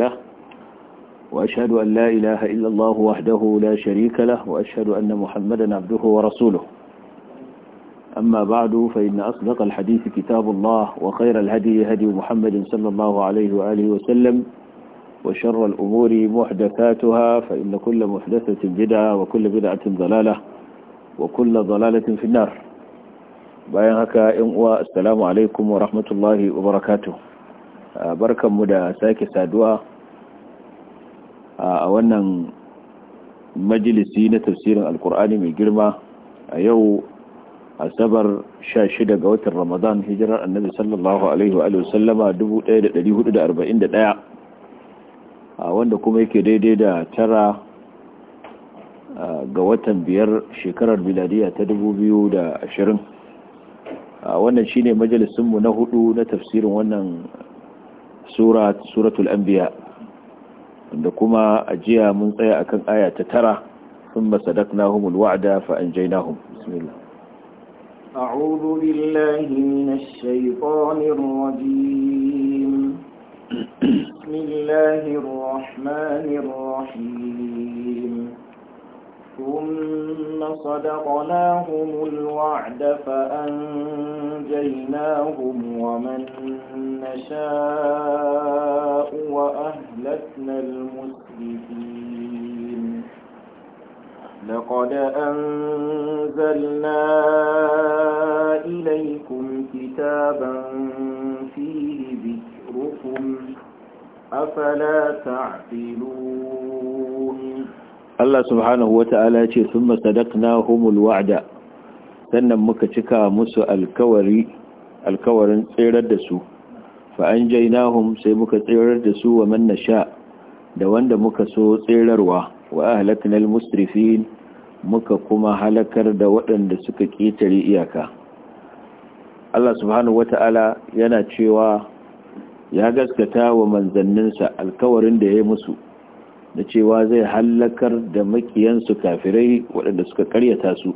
له وأشهد أن لا إله إلا الله وحده لا شريك له وأشهد أن محمدا عبده ورسوله أما بعد فإن أصدق الحديث كتاب الله وخير الهدي هدي محمد صلى الله عليه وآله وسلم وشر الأمور محدثاتها فإن كل محدثة بدعة وكل بدعة ضلالة وكل ضلالة في النار bayan haka عليكم uwa assalamu alaikum wa rahmatullahi wa barakatuh barkanmu da sake saduwa a wannan majalisi na tafsirin alkur'ani mai girma a yau asabar 16 ga watan ramadan hijirar annabi sallallahu alaihi wa sallama 1441 a wanda kuma yake daidai da tara ga watan biyar shekarar miladiya ta 2020 a wannan shine majalisinmu na hudu na tafsirin wannan suratul anbiya da kuma ajiya mun tsaya akan aya ta tara ثم صدقناهم الوعد فأنجيناهم بسم الله أعوذ بالله من الشيطان الرجيم بسم الله الرحمن الرحيم ثم صدقناهم الوعد فأنجيناهم ومن نشاء وأهلكنا المسرفين لقد أنزلنا إليكم كتابا فيه ذكركم أفلا تعقلون Allah subhanahu wa ta'ala ce sun na humul wa'ada sannan muka cika musu alkawarin tserar da su fa'an jainahum sai muka tserar da su wa manna sha da wanda muka so tserarwa wa ahlaknal musrifin muka kuma halakar da waɗanda suka ƙetare iyaka Allah subhanahu wa ta'ala yana cewa ya gaskata wa manzanninsa alkawarin da ya yi musu da cewa zai hallakar da makiyansu kafirai waɗanda suka karyata su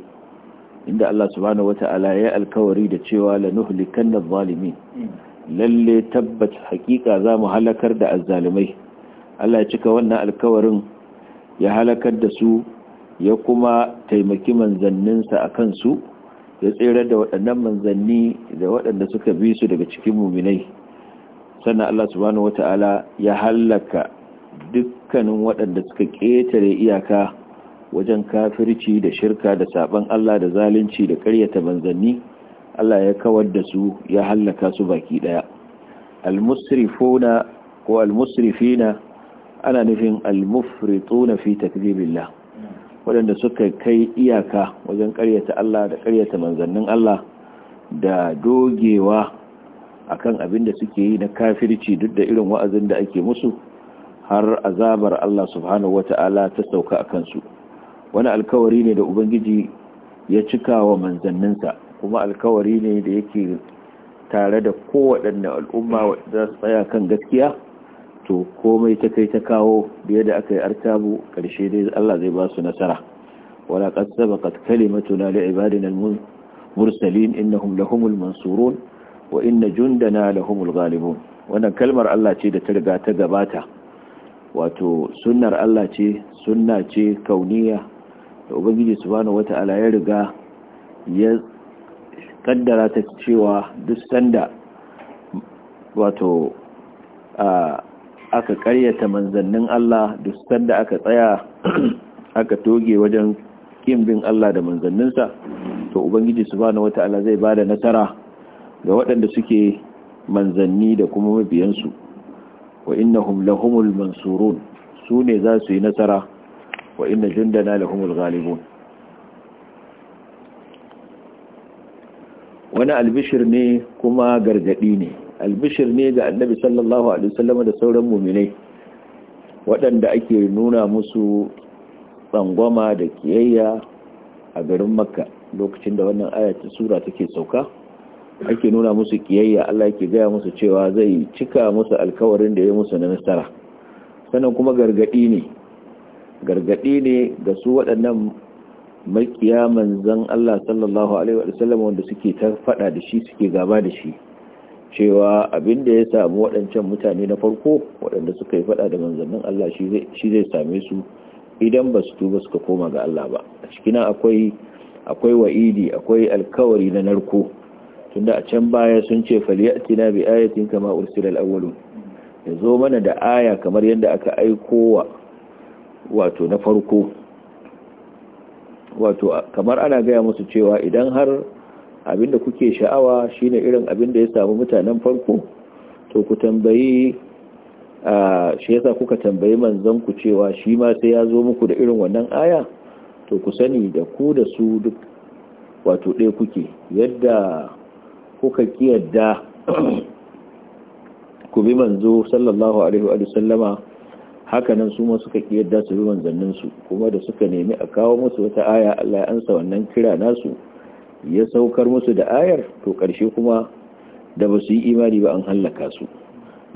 inda Allah subhanahu wata'ala ya alkawari da cewa la nuhlikanna zalimin lalle tabbat hakika za mu halakar da azzalimai Allah ya cika wannan alkawarin ya halakar da su ya kuma taimaki manzanninsa a su ya tsere da waɗannan manzanni da waɗanda suka bi su daga cikin muminai sannan Allah subhanahu wata'ala ya halaka dukkanin waɗanda suka ƙetare iyaka wajen kafirci da shirka da saɓon Allah da zalunci da ƙaryata manzanni Allah ya kawar da su ya hallaka su baki ɗaya al-musrifuna ko al-musrifina ana nufin al-mufrituna fi takdibillah waɗanda suka kai iyaka wajen ƙaryata Allah da ƙaryata manzannin Allah da dogewa akan abin da suke yi na kafirci duk da irin wa'azin da ake musu har azabar Allah subhanahu wata'ala ta sauka a kansu wani alkawari ne da ubangiji ya cika wa manzanninsa kuma alkawari ne da yake tare da kowaɗanne al'umma za su tsaya kan gaskiya to komai ta kai ta kawo biye da aka yi artabu ƙarshe dai Allah zai ba su nasara wala qad sabaqat kalimatuna li ibadina mursalin innahum lahumul mansurun wa inna jundana lahumul ghalibun wannan kalmar Allah ce da ta riga ta gabata wato sunnar Allah ce sunna ce kauniya da ubangiji subhanahu wata'ala ya riga ya kaddara ta cewa duk sanda wato aka karyata manzannin Allah duk sanda aka tsaya aka toge wajen kin bin Allah da manzanninsa to ubangiji subhanahu wata'ala zai bada nasara ga waɗanda suke manzanni da kuma mabiyansu wa innahum lahumul mansurun su ne za su yi nasara wa inna jundana lahumul ghalibun wani albishir ne kuma gargadi ne albishir ne ga annabi sallallahu alaihi wasallam da sauran muminai waɗanda ake nuna musu tsangwama da kiyayya a garin makka lokacin da wannan ayatul sura take sauka ake nuna musu kiyayya Allah yake gaya musu cewa zai cika musu alkawarin da ya musu na nasara sannan kuma gargadi ne gargadi ne ga su waɗannan makiya manzan Allah sallallahu alaihi wasallam wanda suke ta fada da shi suke gaba da shi cewa abin da ya samu waɗancan mutane na farko waɗanda suka yi fada da manzannin Allah shi zai same su idan ba su tuba suka koma ga Allah ba a cikin akwai akwai wa'idi akwai alkawari na narko tunda a can baya sun ce na bi ayatin kama ursila al-awwalun yazo mana da aya kamar yadda aka aiko wa wato na farko wato kamar ana gaya musu cewa idan har abinda kuke sha'awa shine irin abinda ya samu mutanen farko to ku tambayi shi yasa kuka tambayi manzon ku cewa shi ma sai ya zo muku da irin wannan aya to ku sani da ku da su duk wato ɗaya kuke yadda kuka kiyarda ku bi manzo sallallahu alaihi wa sallama hakanan su ma suka kiyarda su bi manzannin su kuma da suka nemi a kawo musu wata aya Allah ya ansa wannan kira nasu ya saukar musu da ayar to karshe kuma da ba su yi imani ba an hallaka su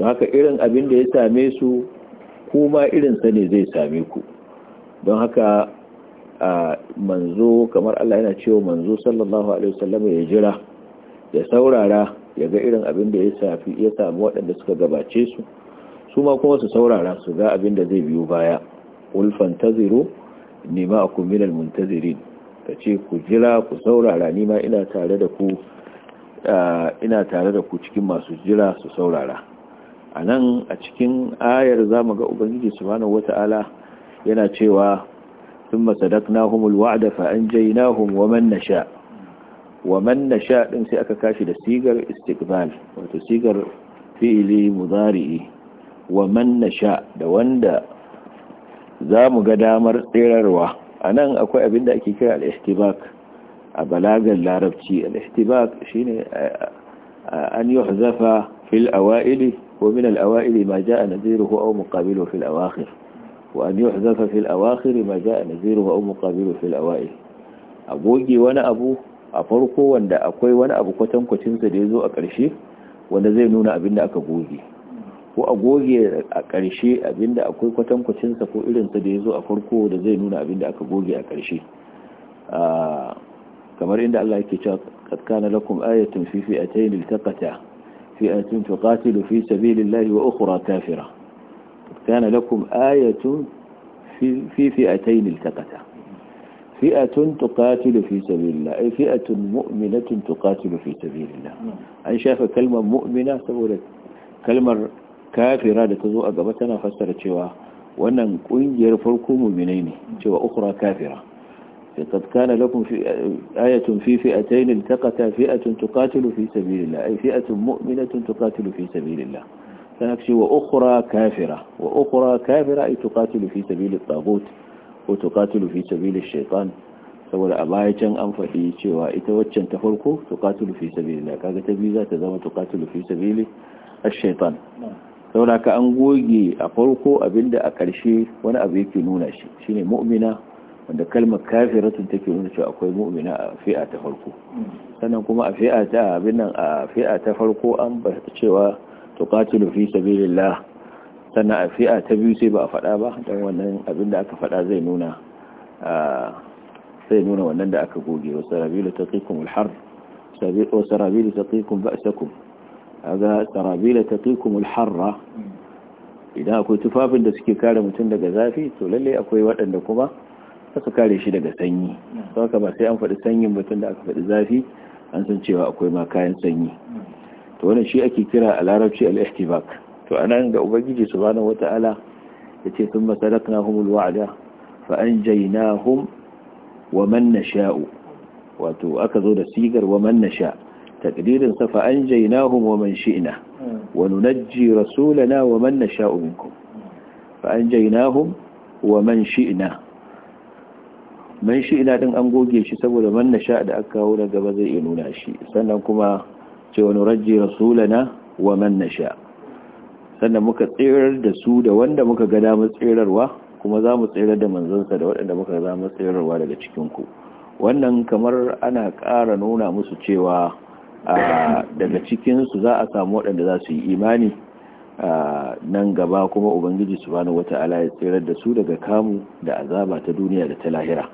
don haka irin abin da ya same su kuma irin sa ne zai same ku don haka a manzo kamar Allah yana cewa manzo sallallahu alaihi wasallam ya jira ya saurara ya ga irin abin da ya safi ya samu waɗanda suka gabace su su ma kuma su saurara su ga abin da zai biyu baya ulfan taziro ma a minal muntazirin kace ku jira ku saurara nima ina tare da ku ina tare da ku cikin masu jira su saurara a nan a cikin ayar zamu ga ubangiji su wata ala yana cewa thumma sadaqnahumul jai na anjaynahum wa man sha. wa man nasha din sai aka kashi da sigar istiqbal wato sigar fili mudari'i wa man nasha da wanda zamu mu ga damar tserarwa a nan akwai abin da ake kira al-ihtibak a balagan larabci al-ihtibak shine an yuhzafa fil awa'ili wa min al-awa'ili ma ja'a nadhiruhu aw muqabiluhu fil awakhir wa an yuhzafa fil awakhir ma ja'a nadhiruhu aw muqabiluhu fil awa'il a goge wani abu a farko wanda akwai wani abu kwatankwacinsa da ya zo a ƙarshe wanda zai nuna abin da aka goge ko a goge a ƙarshe abin da akwai kwatankwacinsa ko irinsa da ya zo a farko da zai nuna abin da aka goge a ƙarshe kamar inda Allah yake cewa qad kana lakum ayatun fi fi'atayn iltaqata fi'atun tuqatilu fi sabilillahi wa ukhra kafira kana lakum ayatun fi fi'atayn iltaqata fi'atun tuqatilu fi sabilillah ai fi'atun mu'minatun tuqatilu fi sabilillah an shafa kalmar mu'mina saboda kalmar kafira da ta zo a gaba tana fassara cewa wannan kungiyar farko mu'minai ne cewa ukhra kafira فقد كان لكم في آية في فئتين التقتا فئة تقاتل في سبيل الله أي فئة مؤمنة تقاتل في سبيل الله فنكشي وأخرى كافرة وأخرى كافرة أي تقاتل في سبيل الطاغوت ko tuqatilu fi sabilish shaitan saboda a baya can an faɗi cewa ita waccan ta farko tuqatilu fi sabilillah kaga ta biyu za ta zama tuqatilu fi sabili ash shaitan saboda ka an goge a farko abinda a ƙarshe wani abu yake nuna shi shine mu'mina wanda kalmar kafiratun take nuna cewa akwai mu'mina a fi'a ta farko sannan kuma a fi'a ta abin nan a fi'a ta farko an ba cewa tuqatilu fi sabilillah sannan a fi'a ta biyu sai ba a faɗa ba don wannan abin da aka faɗa zai nuna zai nuna wannan da aka goge wasu rabilu ta tsikun ulhar wasu rabilu ta tsikun ba'asakun a ga sarabila ta tsikun ulharra idan akwai tufafin da suke kare mutum daga zafi to lalle akwai waɗanda kuma suka kare shi daga sanyi sau haka ba sai an faɗi sanyin mutum da aka faɗi zafi an san cewa akwai ma kayan sanyi to wannan shi ake kira a larabci al-ihtibak to anan ga ubangiji subhanahu wataala yace thumma sadaqnahumul wa'da fa anjaynahum wa man nasha'u wato aka zo da sigar wa man nasha taqdirin sa fa anjaynahum wa man shi'na wa nunajji rasulana wa man nasha'u minkum fa anjaynahum wa man shi'na man shi'na din an goge shi saboda man nasha da aka kawo daga ba zai iya nuna shi sannan kuma ce wa nurajji rasulana wa man nasha' sannan muka tsirar da su da wanda muka ga damar tsirarwa kuma za mu tsirar da manzansa da waɗanda muka ga mu tsirarwa daga cikinku wannan kamar ana ƙara nuna musu cewa daga cikinsu za a samu waɗanda za su yi imani nan gaba kuma ubangiji su bani wata ala ya tsirar da su daga kamu da azaba ta duniya da ta lahira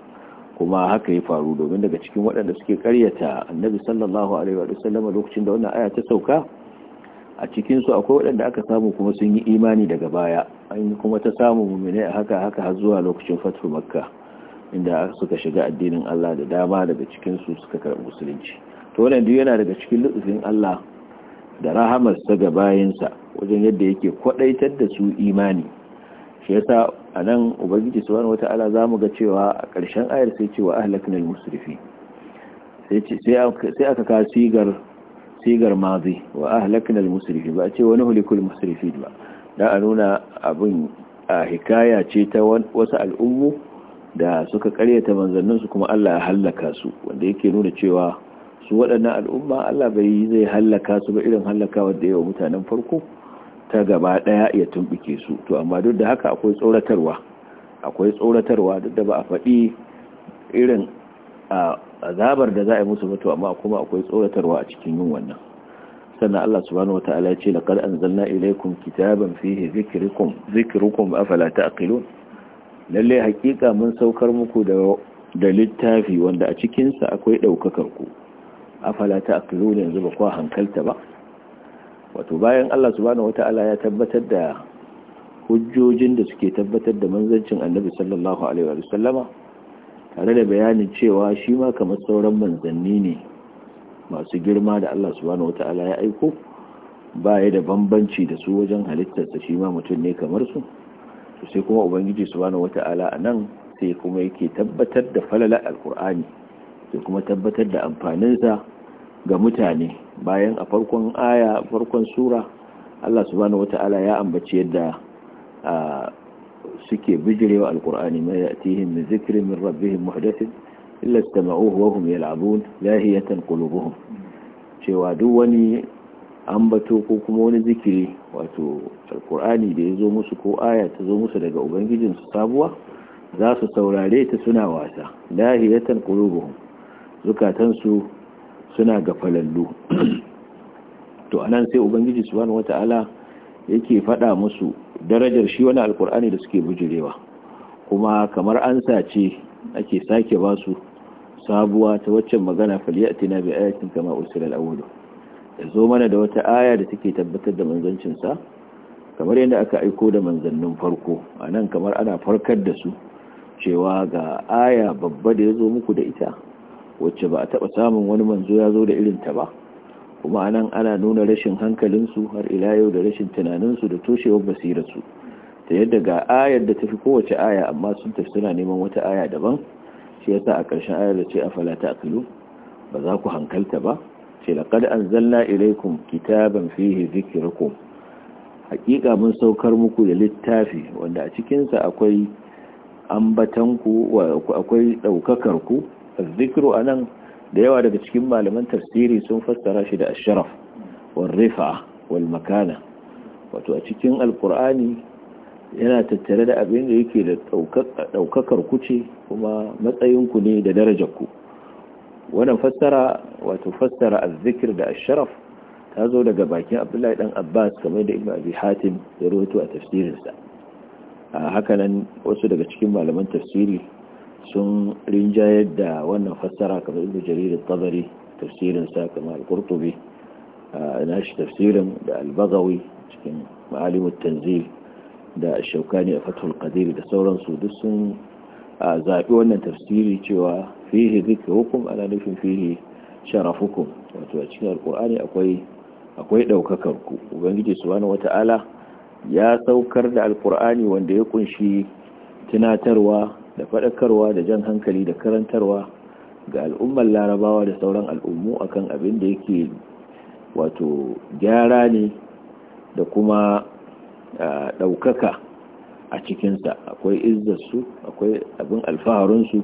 kuma haka ya faru domin daga cikin waɗanda suke ƙaryata annabi sallallahu alaihi wa sallam lokacin da wannan aya ta sauka a cikinsu akwai waɗanda aka samu kuma sun yi imani daga baya an kuma ta samu mummune a haka haka har zuwa lokacin fatu makka inda suka shiga addinin Allah da dama daga cikinsu suka karɓi musulunci to wannan duk yana daga cikin lutsin Allah da sa ga bayansa wajen yadda yake kwadaitar da su imani shi yasa anan nan ubangiji subhanahu wata'ala za mu ga cewa a karshen ayar sai cewa ahlaknal musrifi sai aka kasigar sigar mazi wa ahlakna al musrifi ba a ce wani hulikul musrifi ba da a nuna abin a hikaya ce ta wasu al'ummu da suka karyata manzanninsu kuma Allah ya hallaka su wanda yake nuna cewa su waɗannan al'umma Allah bai yi zai hallaka su ba irin hallaka da yawa mutanen farko ta gaba ɗaya ya tumɓuke su to amma duk da haka akwai tsoratarwa akwai tsoratarwa duk da ba a faɗi irin a azabar da za a yi musu mutu amma kuma akwai tsoratarwa a cikin yin wannan sannan Allah subhanahu wataala ya ce laqad anzalna ilaykum kitaban fihi dhikrukum dhikrukum afala taqilun lalle hakika mun saukar muku da da littafi wanda a cikin sa akwai daukakar ku afala taqilun yanzu ba kwa hankalta ba wato bayan Allah subhanahu wataala ya tabbatar da hujjojin da suke tabbatar da manzancin Annabi sallallahu alaihi wa sallama tare da bayanin cewa shi ma kamar sauran manzanni ne masu girma da Allah subhanahu wata'ala ya aiko ba ya da bambanci da su wajen halittarsa shi ma mutum ne kamar su sai kuma ubangiji subhanahu wata'ala a nan sai kuma yake tabbatar da falala alkur'ani sai kuma tabbatar da amfanin sa ga mutane bayan a farkon aya farkon sura Allah subhanahu wata'ala ya ambaci yadda ah, suke bijirewa alkur'ani ma ya'tihim min zikirin min rabbihim muhdathin illa istama'uhu wa hum yal'abun lahiyatan qulubuhum cewa duk wani ambato ko kuma wani zikiri wato alkur'ani da yazo musu ko aya ta zo musu daga ubangijin su sabuwa za su saurare ta suna wasa lahiyatan qulubuhum su suna gafalallu to anan sai ubangiji subhanahu wata'ala yake faɗa musu darajar shi wani alkur'ani da suke bujirewa kuma kamar an sace ake sake ba su sabuwa ta waccan magana falyatina bi ayatin kama usulal awwal zo mana da wata aya da take tabbatar da manzancinsa kamar yadda aka aiko da manzannin farko anan kamar ana farkar da su cewa ga aya babba da yazo muku da ita wacce ba a taba samun wani manzo ya zo da irin ta ba kuma anan ana nuna rashin hankalinsu har ila yau da rashin tunaninsu da toshewar basirarsu ta yadda ga ayar da tafi kowace aya amma sun tafi suna neman wata aya daban shi yasa a ƙarshen ayar da ce a falata akilu ba za ku hankalta ba ce an zalla ilaikum kitaban fihi dhikrukum haƙiƙa mun saukar muku da littafi wanda a cikinsa akwai ambatanku akwai ɗaukakarku zikiru a nan da yawa daga cikin malaman tafsiri sun fassara shi da asharaf wal rifa'a wal makana wato a cikin alkur'ani yana tattare da abin da yake da daukakar kuce ce kuma matsayin ku ne da darajar ku wannan fassara wato fassara azzikir da asharaf ta zo daga bakin abdullahi dan abbas kamar da ibnu abi hatim ya rawaito a tafsirinsa a hakanan wasu daga cikin malaman tafsiri sun rinjayar da wannan fassara kamar ibn jarir tabari tafsirin sa kamar al-qurtubi na shi tafsirin da al-bagawi cikin ma'alim tanzil da shaukani a fathul qadir da sauransu duk sun zaɓi wannan tafsiri cewa fihi zikrukum ana nufin fihi sharafukum wato a cikin alkur'ani akwai akwai ɗaukakar ku ubangiji subhanahu wataala ya saukar da alkur'ani wanda ya kunshi tunatarwa da faɗakarwa da jan hankali da karantarwa ga al'ummar larabawa da sauran al'ummu akan abin da yake wato gyara ne da kuma ɗaukaka a cikinsa akwai izzarsu akwai abin alfaharunsu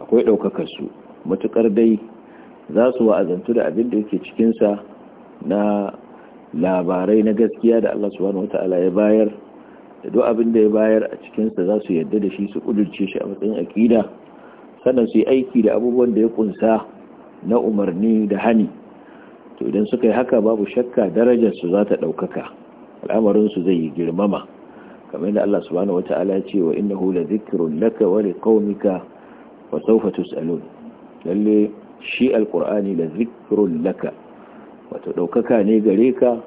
akwai ɗaukakarsu matuƙar dai za su wa'azantu da abin da yake cikinsa na labarai na gaskiya da Allah subhanahu wata'ala ya bayar da duk abin da ya bayar a cikinsa za su yarda da shi su kudurce shi a matsayin aƙida sannan su yi aiki da abubuwan da ya kunsa na umarni da hani to idan suka yi haka babu shakka darajarsu za ta ɗaukaka su zai yi girmama kamar yadda Allah subhanahu wata'ala ya ce wa innahu la dhikrun laka wa liqaumika wa sawfa tus'alun lalle shi alqur'ani la dhikrun laka wato ɗaukaka ne gare ka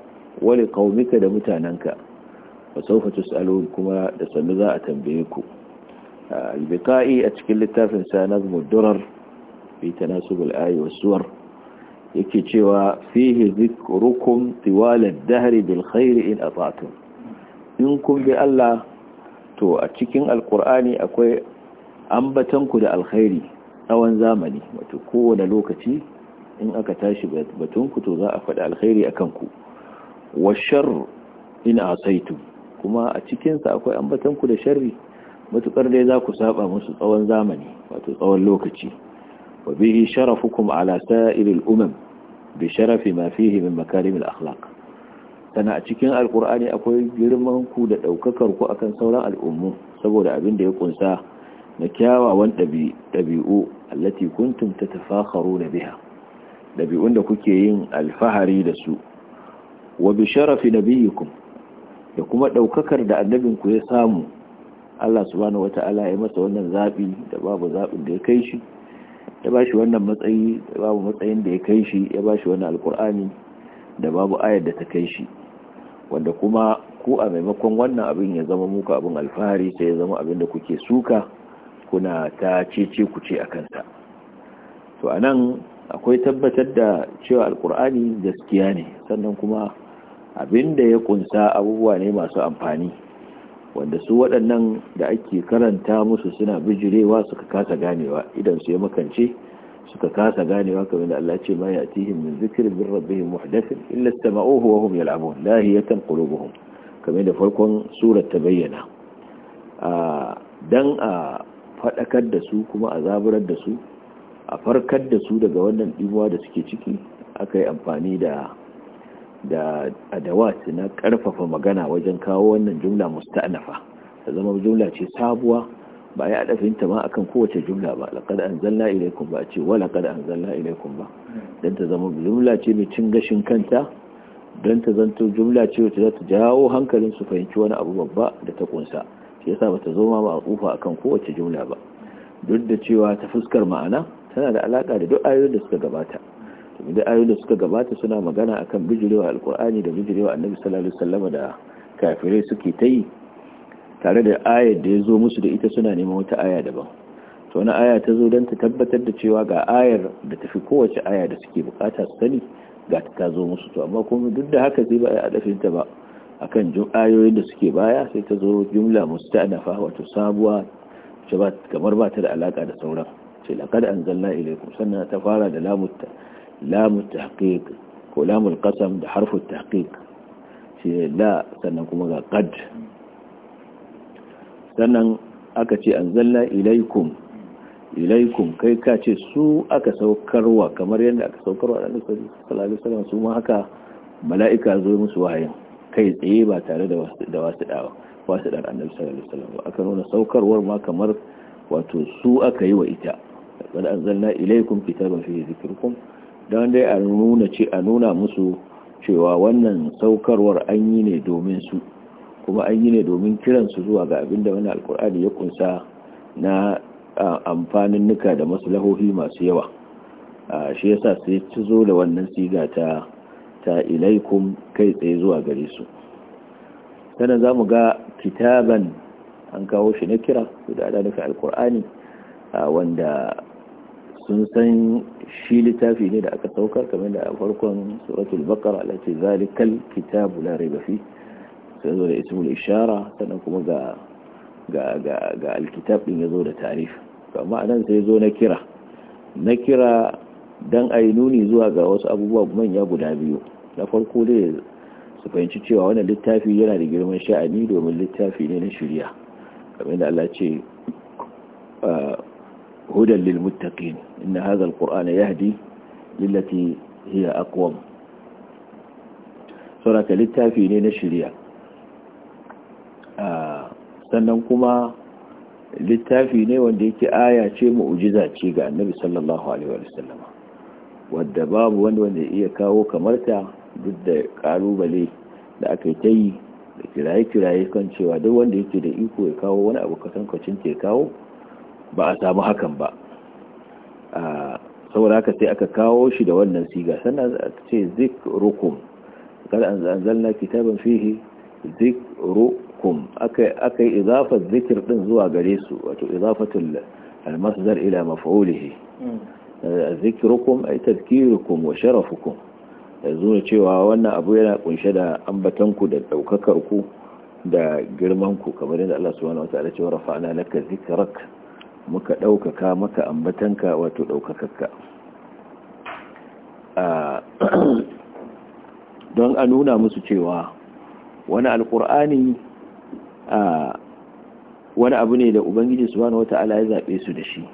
wa liqaumika da mutananka fa salo tusalun kuma da sannu za a tambaye ku al a cikin littafin sa nazmud durar fi tanasub ayi was yake cewa fihi zikrukum tiwal ad-dahr bil khair in ata'tum in kun bi Allah to a cikin alkur'ani akwai ambatanku da alkhairi tsawon zamani wato kowane lokaci in aka tashi batunku to za a faɗi alkhairi a kanku washar in asaitu kuma a cikinsa akwai ambatanku da sharri matukar dai za ku saba musu tsawon zamani wato tsawon lokaci wa bihi sharafukum ala sa'iril umam bi sharafi ma fihi min makarimil akhlaq sana a cikin alkur'ani akwai girman ku da daukakar ku akan sauran al'ummu saboda abin da ya kunsa na kyawawan ɗabi'u allati kuntum tatafakharuna biha ɗabi'un da kuke yin alfahari da su wa bi sharafi nabiyikum da kuma ɗaukakar da annabinku ya samu Allah subhanahu wata'ala ya masa wannan zabi da babu zaɓin da ya kai shi ya ba wannan matsayi da babu matsayin da ya kai shi ya bashi shi wannan alkur'ani da babu ayar da ta kai shi wanda kuma ku a maimakon wannan abin ya zama muku abin alfahari sai ya zama abin da kuke suka kuna ta cece ku ce a kansa to anan akwai tabbatar da cewa alkur'ani gaskiya ne sannan kuma Abin da ya kunsa abubuwa ne masu amfani wanda su waɗannan da ake karanta musu suna bijirewa suka kasa ganewa idan su ya makance suka kasa ganewa kamar da Allah ce ma ya atihim min zikrin min rabbihim muhdathin illa istama'uhu wa hum yal'abun lahiyatan qulubuhum kamar da farkon surar ta bayyana a dan a fadakar da su kuma a zaburar da su a farkar da su daga wannan dimuwa da suke ciki aka yi amfani da da adawat na karfafa magana wajen kawo wannan jumla musta'nafa ta zama jumla ce sabuwa ba ya adafin ta ma akan kowace jumla ba laqad anzalna ilaykum ba ce wala qad anzalna ilaykum ba dan ta zama jumla ce mai cin gashin kanta dan ta zanto jumla ce wacce za ta jawo hankalin su fahimci wani abu babba da ta kunsa shi yasa bata zo ma ba a akan kowace jumla ba duk da cewa ta fuskar ma'ana tana da alaka da duk ayoyin da suka gabata da ayoyin da suka gabata suna magana akan bijirewa alkur'ani da bijirewa annabi sallallahu alaihi wasallam da kafirai suke ta tare da ayar da ya zo musu da ita suna neman wata aya daban to wani aya ta zo don ta tabbatar da cewa ga ayar da tafi kowace aya da suke bukata su sani ga ta zo musu to amma kuma duk da haka sai ba a dafin ta ba akan ayoyin da suke baya sai ta zo jumla musta'nafa wato sabuwa kamar ba ta da alaka da sauran sai laqad anzalna ilaykum sannan ta fara da lamutta. lamu tahqiq ko lamul qasam da harfu tahqiq shi la sannan kuma ga qad sannan aka ce anzalna ilaikum ilaikum kai ka ce su aka saukarwa kamar yadda aka saukarwa da annabi sallallahu alaihi wasallam su ma haka mala'ika zo musu wahayin kai tsaye ba tare da wasu dawa wasu dan annabi sallallahu alaihi wasallam aka nuna saukarwar ma kamar wato su aka yi wa ita qad anzalna ilaikum kitaban fihi dhikrukum don dai a nuna ce a nuna musu cewa wannan saukarwar an yi ne domin su kuma an yi ne domin kiransu zuwa ga abin da wani alkur'ani ya kunsa na amfanin nuka da maslahohi masu yawa shi yasa sai ci zo da wannan siga ta ta ilaikum kai tsaye zuwa gare su sannan za mu ga kitaban an kawo shi na kira da adana nufin alkur'ani wanda sun san shi littafi ne da aka saukar kamar da a farkon suratul bakar ala ce zalikal kitabu la raiba fi sai zo da ismul ishara sannan kuma ga ga ga ga alkitab din yazo da tarif amma anan sai zo na kira na kira dan ayi nuni zuwa ga wasu abubuwa manya guda biyu na farko dai su fahimci cewa wannan littafi yana da girman sha'ani domin littafi ne na shirya kamar da Allah ce ah, هدى للمتقين إن هذا القرآن يهدي للتي هي أقوم سورة na shirya sannan kuma littafi ne wanda yake aya ce mu'ujiza ce ga annabi sallallahu alaihi wadda babu wanda wanda iya kawo kamarta duk da kalubale da aka ta yi da kiraye-kiraye kan cewa duk wanda yake da iko ya kawo wani abu kasan kwacin ke kawo ba a samu hakan ba saboda haka sai aka kawo shi da wannan siga sannan aka ce zikrukum kada an zanzalna kitaban fihi zikrukum aka yi izafar zikir din zuwa gare su wato izafatul almasdar ila maf'ulihi hmm. zikrukum ay tadhkirukum wa sharafukum yanzu cewa wannan abu yana kunshe da ambatanku da daukakar ku da girman ku kamar yadda Allah subhanahu wa ta'ala cewa rafa'na laka zikrak muka ɗaukaka maka ambatanka wato ɗaukakakka don a nuna musu cewa wani alƙur'ani wani abu ne da ubangiji subhanahu wata'ala ya zaɓe su da shi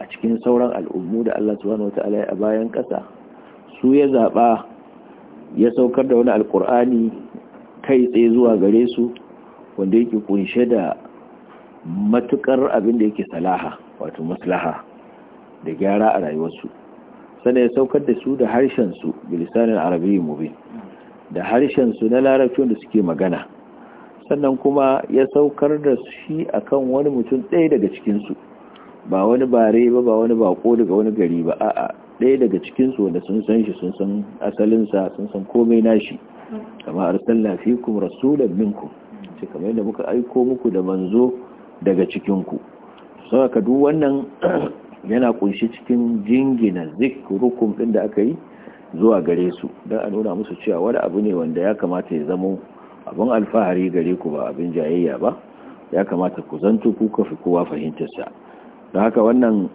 a cikin sauran al'ummu da Allah subhanahu wata'ala a bayan ƙasa su ya zaɓa ya saukar da wani alƙur'ani kai tsaye zuwa gare su wanda yake kunshe da matukar abin da yake salaha wato maslaha da gyara a rayuwarsu sannan ya saukar da su da harshen su bilisanin arabiyyi mubin da harshen su na larabci wanda suke magana sannan kuma ya saukar da shi akan wani mutum ɗaya daga cikinsu, ba wani bare ba ba wani bako daga wani gari ba a'a ɗaya daga cikin su wanda sun san shi sun san asalinsa sun san komai nashi kamar arsalna fikum rasulan minkum ce kamar yadda muka aiko muku da manzo daga cikin cikinku saboda duk wannan yana kunshi cikin jingina zikrukum ɗin da aka yi zuwa gare su don a nuna musu cewa wani abu ne wanda ya kamata ya zamo abin alfahari gare ku ba abin jayayya ba ya kamata ku zanto ku kafi kowa fahimtar sa don haka wannan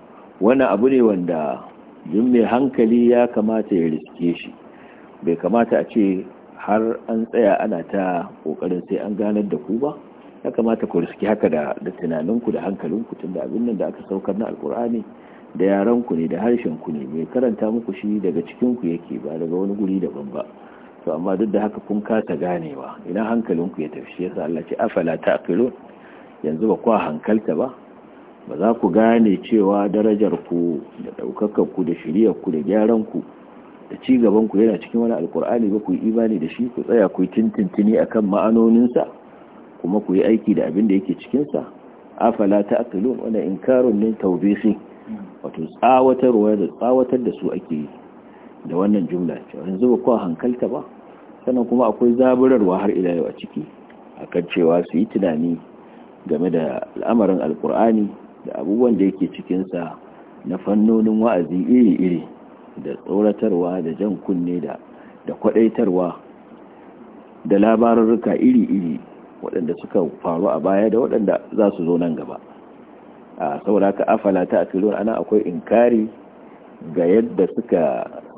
wani abu ne wanda yin mai hankali ya kamata ya riske shi bai kamata a ce har an tsaya ana ta ƙoƙarin sai an ganar da ku ba ya kamata ku riski haka da da tunaninku da hankalinku tunda abin nan da aka saukar na alkur'ani da yaran ku ne da harshenku ne mai karanta muku shi daga cikinku yake ba daga wani guri daban ba to amma duk da haka kun kasa ganewa idan hankalinku ya tafi yasa Allah ce afala taqilun yanzu ba ku hankalta ba ba za ku gane cewa darajar ku da daukakar ku da shiriyar ku da gyaran ku da ci gaban ku yana cikin wani alkur'ani ba ku yi imani da shi ku tsaya ku yi tintintini akan ma'anoninsa kuma ku yi aiki da abin da yake cikinsa afala ta akilun wanda inkarun ne taubisi wato tsawatarwa da tsawatar da su ake yi da wannan jumla ce yanzu ba kowa hankalta ba sannan kuma akwai zaburarwa har ila yau a ciki akan cewa su yi tunani game da al'amarin alkur'ani da abubuwan da yake cikinsa na fannonin wa'azi iri-iri da tsoratarwa da jan kunne da da kwadaitarwa da labarurruka iri-iri waɗanda suka faru a baya da waɗanda za su zo nan gaba a saboda haka afala ta akilun ana akwai inkari ga yadda suka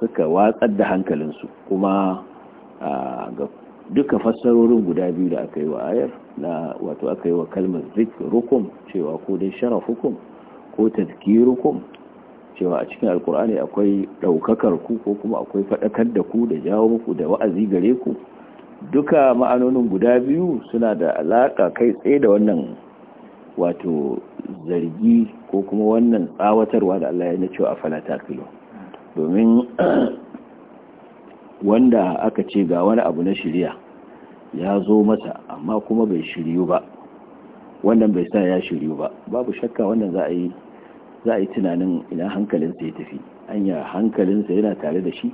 suka watsar da hankalinsu kuma ga duka fassarorin guda biyu da aka yi wa ayar na wato aka yi wa kalmar Zik rukum cewa ko dai hukum ko tazkirukum cewa a cikin alkur'ani akwai daukakar ku ko kuma akwai faɗakar da ku da jawo muku da wa'azi gare ku duka ma'anonin guda biyu suna da alaƙa kai tsaye da wannan wato zargi ko kuma wannan tsawatarwa da Allah ya nace a falata kilo domin wanda aka ce ga wani abu na shirya ya zo masa amma kuma bai shiryu ba wannan bai sa ya shiryu ba babu shakka wannan za a yi za a yi tunanin ina hankalinsa ya tafi anya hankalinsa yana tare da shi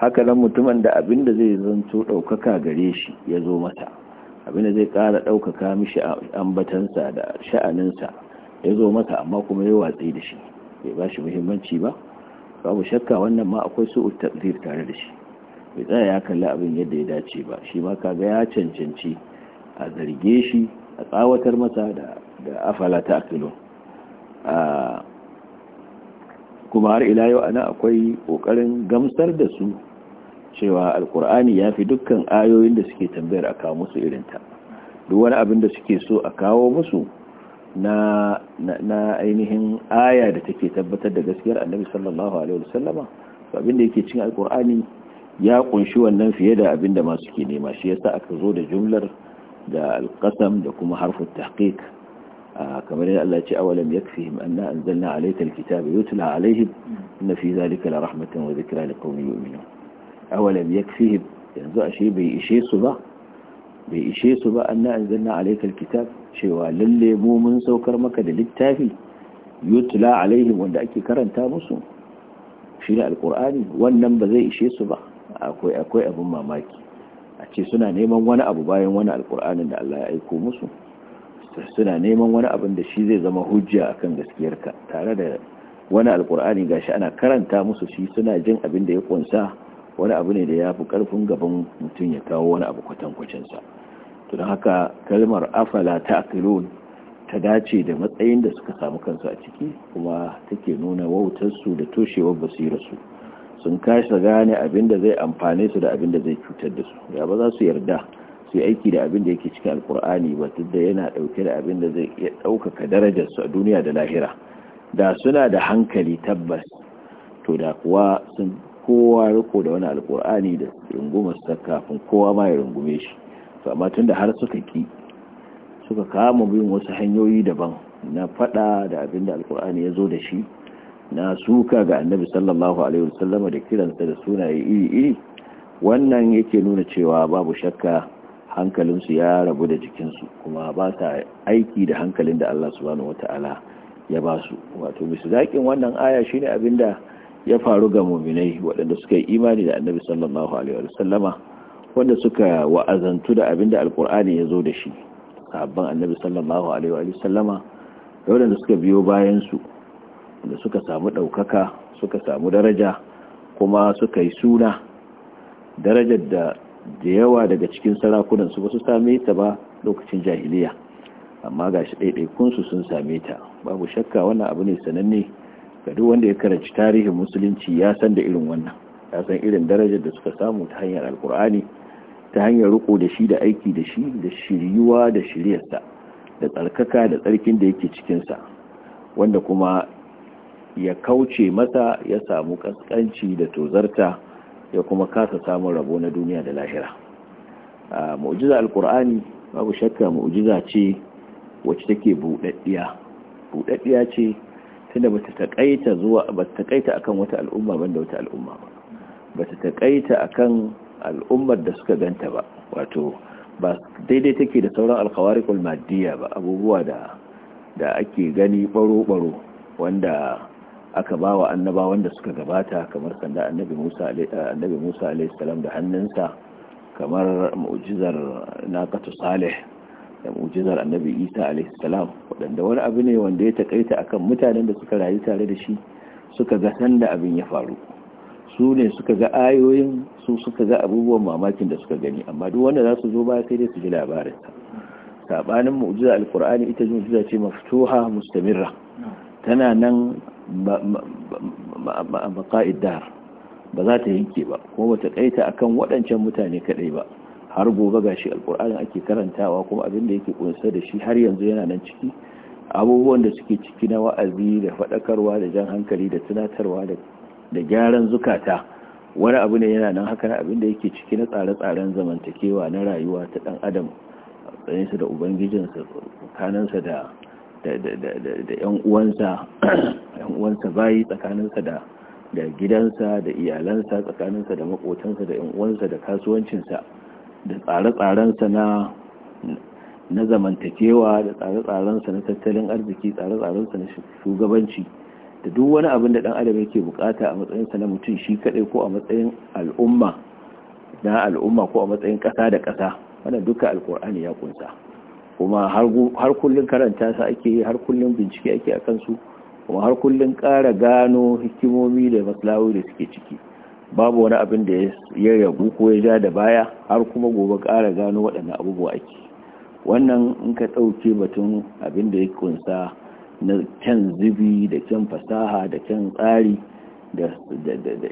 haka nan mutumin da abin da zai zanto ɗaukaka gare shi ya zo mata abin da zai ƙara ɗaukaka mishi ambatansa da sha'aninsa ya zo mata amma kuma ya watsi da shi bai ba shi muhimmanci ba babu shakka wannan ma akwai su tafsir tare da shi bai tsaya ya kalli abin yadda ya dace ba shi ma kaga ya cancanci a zarge shi a tsawatar masa da da afala ta akilun kuma har ila yau ana akwai kokarin gamsar da su cewa alkur'ani ya fi dukkan ayoyin da suke tambayar a kawo musu irinta duk wani abin da suke so a kawo musu na ainihin aya da take tabbatar da gaskiyar annabi sallallahu alaihi wasallama abin da yake cin alkur'ani ya kunshi wannan fiye da abin da masu ke nema shi yasa aka zo da jumlar da alqasam da kuma harfin tahqiq kamar yadda Allah ya ce awalam yakfihim anna anzalna alayka alkitaba yutla alaihim inna fi zalika la rahmatan wa dhikra liqawmin yu'minun awalam yakfihim yanzu ashe bai ishe su ba bai ishe su ba anna anzalna alayka alkitab cewa lalle mu mun saukar maka da littafi yutla alaihim wanda ake karanta musu shine alqur'ani wannan ba zai ishe su ba akwai akwai abin mamaki a ce suna neman wani abu bayan wani alqur'anin da Allah ya aiko musu suna neman wani abin da shi zai zama hujja akan gaskiyarka tare da wani alqur'ani gashi ana karanta musu shi suna jin abin da ya kunsa wani abu ne da ya fi karfin gaban mutum ya kawo wani abu kwatankwacinsa to don haka kalmar afala ta akilun ta dace da matsayin da suka samu kansu a ciki kuma take nuna wautarsu da toshewar basirarsu sun kasa gane abin da zai amfane su da abin da zai cutar da su ya ba za su yarda su yi aiki da abin da yake cikin alkur'ani ba duk da yana dauke da abin da zai iya daukaka darajarsu a duniya da lahira da suna da hankali tabbas to da kuwa sun kowa ya riko da wani alkur'ani da rungumarsa kafin kowa ma ya rungume shi to amma tun da har suka ki suka kama bin wasu hanyoyi daban na fada da abin da alkur'ani ya zo da shi na suka ga annabi sallallahu alaihi wasallam da kiransa da sunaye iri-iri wannan yake nuna cewa babu shakka hankalinsu ya rabu da jikinsu kuma ba ta aiki da hankalin da Allah subhanahu wata'ala ya ba su wato misalin wannan aya shine abinda ya faru ga muminai waɗanda suka yi imani da annabi sallallahu alaihi wa sallama wanda suka wa'azantu da abin da alkur'ani ya zo da shi sahabban annabi sallallahu alaihi wa sallama da waɗanda suka biyo bayan su da suka samu ɗaukaka suka samu daraja kuma suka yi suna darajar da da yawa daga cikin sarakunan su ba same ta ba lokacin jahiliya amma gashi ɗaiɗaikunsu sun same ta babu shakka wannan abu ne sananne ga duk wanda ya karanci tarihin musulunci ya san da irin wannan ya san irin darajar da suka samu ta hanyar alkur'ani ta hanyar riko da shi da aiki da shi da shiryuwa da shiryarsa da tsarkaka da tsarkin da yake cikinsa wanda kuma ya kauce masa ya samu kaskanci da tozarta ya kuma kasa samun rabo na duniya da lahira a mu'jiza alkur'ani babu shakka mu'jiza ce wacce take buɗaɗɗiya buɗaɗɗiya ce tunda bata takaita zuwa ta takaita akan wata al'umma banda wata al'umma ba bata takaita akan al'ummar da suka ganta ba wato ba daidai take da sauran alkhawariqul madiyya ba abubuwa da da ake gani baro baro wanda aka ba wa annaba wanda suka gabata kamar sanda annabi Musa annabi Musa alaihi salam da hannunsa kamar mu'jizar naqatu salih da mu'jizar annabi isa alaihi waɗanda wani abu ne wanda ya takaita akan mutanen da suka rayu tare da shi suka ga sanda abin ya faru su ne suka ga ayoyin su suka ga abubuwan mamakin da suka gani amma duk wanda za su zo baya sai dai su ji labarinsa saɓanin mu'jizar alkur'ani ita mu'jiza ce mafutuha mustamirra tana nan baqa'id ba za ta yanke ba kuma bata kaita akan waɗancan mutane kadai ba har gobe ga shi alkur'ani ake karantawa kuma abin da yake kunsa da shi har yanzu yana nan ciki abubuwan da suke ciki na wa'azi da faɗakarwa da jan hankali da tunatarwa da gyaran zukata wani abu ne yana nan haka abin da yake ciki na tsare-tsaren zamantakewa na rayuwa ta ɗan adam tsayinsa da ubangijinsa tsakaninsa da yan uwansa yan uwansa bayi tsakaninsa da da gidansa da iyalansa tsakaninsa da makotansa da yan uwansa da kasuwancinsa da tsare-tsarensa na na zamantakewa da tsare-tsarensa na tattalin arziki tsare-tsarensa na shugabanci da duk wani abin da dan adam yake bukata a matsayinsa na mutum shi kadai ko a matsayin al'umma na al'umma ko a matsayin kasa da kasa wannan duka alkur'ani ya kunsa kuma har kullun karanta sa ake yi har kullun bincike ake akan su kuma har kullun ƙara gano hikimomi da maslahoyi da suke ciki babu wani abin da ya yabu ko ya ja da baya har kuma gobe kara gano waɗannan abubuwa ake wannan in ka ɗauke batun abin da ya kunsa na kyan zubi da kyan fasaha da kyan tsari da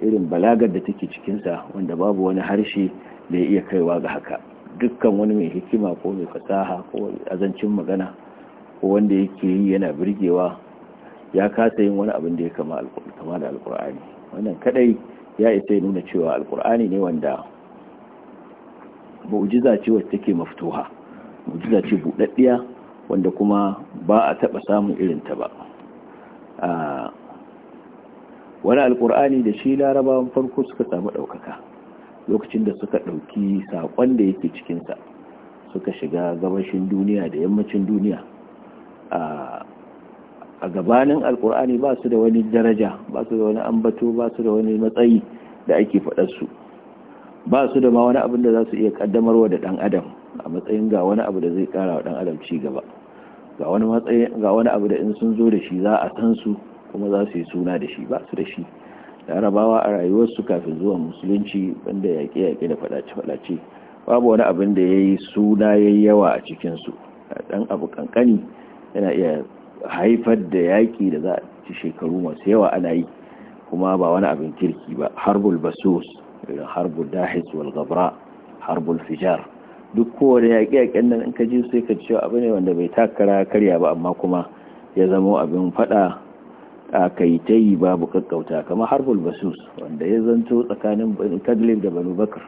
irin balagar da take cikinsa wanda babu wani harshe da ya iya kaiwa ga haka dukkan wani mai hikima ko mai fasaha ko azancin magana ko wanda yake yi yana birgewa ya kasa yin wani abin da ya kama da alkur'ani wannan kadai ya isa ya nuna cewa alkur'ani ne wanda mu'jiza ce wacce take maftuha mu'jiza ce budaddiya wanda kuma ba a taɓa samun irin ta ba wani alkur'ani da shi larabawan farko suka samu ɗaukaka, lokacin da suka ɗauki saƙon da yake cikinsa, suka shiga gabashin duniya da yammacin duniya a gabanin alkur'ani ba su da wani daraja ba su da wani ambato ba su da wani matsayi da ake faɗarsu ba su da ma wani abin da za su iya wa da ɗan adam a matsayin ga wani abu da zai ƙara wa ɗan adam ci gaba ga wani abu da in sun zo da shi za a san su kuma za su yi suna da shi ba su da shi larabawa a rayuwarsu kafin zuwa musulunci banda yaƙe-yaƙe da faɗace-faɗace babu wani abin da ya yi suna ya yawa a cikinsu ɗan abu ƙanƙani yana iya haifar da yaƙi da za a ci shekaru masu yawa ana yi kuma ba wani abin kirki ba harbul basus harbul dahis wal gabra harbul fijar duk kowane yaƙi-yaƙen nan in ka ji sai ka ci abu ne wanda bai takara karya ba amma kuma ya zama abin faɗa a kai ta yi babu kakkauta kama harbul basus wanda ya zanto tsakanin taglib da banu bakar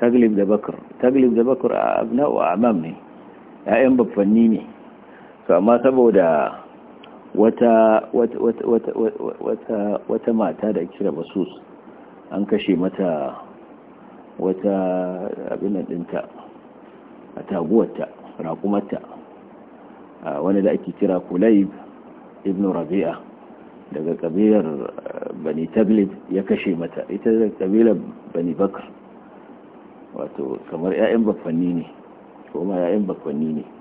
taglib da bakar taglib da bakar a abna wa amam ne 'ya'yan babbanni ne to amma saboda wata wata wata mata da kira basus an kashe mata wata abin dinta a taguwarta rakumarta wani da ake kira kulayb ibn rabi'a daga kabilar eh, bani tablib ya kashe mata ita daga kabilar bani bakar wato kamar 'ya'yan bakwanni ne kuma 'ya'yan bakwanni ne